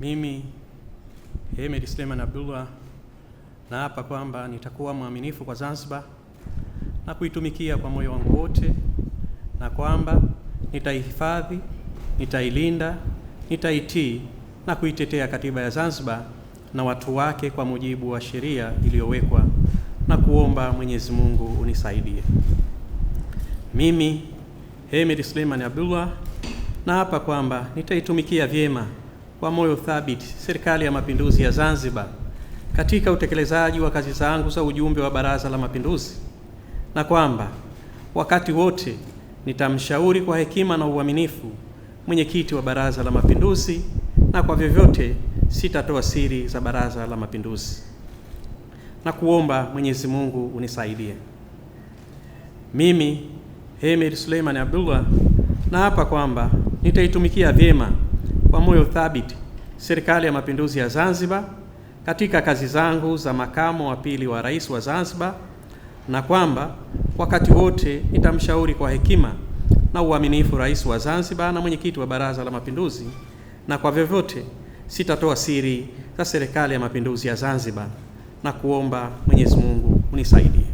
Mimi Hemed Suleiman Abdullah naapa kwamba nitakuwa mwaminifu kwa Zanzibar na kuitumikia kwa moyo wangu wote, na kwamba nitaihifadhi, nitailinda, nitaitii na kuitetea katiba ya Zanzibar na watu wake kwa mujibu wa sheria iliyowekwa, na kuomba Mwenyezi Mungu unisaidie. Mimi Hemed Suleiman Abdullah naapa kwamba nitaitumikia vyema kwa moyo thabiti Serikali ya Mapinduzi ya Zanzibar katika utekelezaji wa kazi zangu za ujumbe wa Baraza la Mapinduzi, na kwamba wakati wote nitamshauri kwa hekima na uaminifu mwenyekiti wa Baraza la Mapinduzi, na kwa vyovyote sitatoa siri za Baraza la Mapinduzi, na kuomba Mwenyezi Mungu unisaidie. Mimi Hemed Suleiman Abdullah naapa kwamba nitaitumikia vyema kwa moyo thabiti Serikali ya Mapinduzi ya Zanzibar katika kazi zangu za makamo wa pili wa rais wa Zanzibar na kwamba wakati wote nitamshauri kwa hekima na uaminifu rais wa Zanzibar na mwenyekiti wa Baraza la Mapinduzi, na kwa vyovyote sitatoa siri za Serikali ya Mapinduzi ya Zanzibar na kuomba Mwenyezi Mungu unisaidie.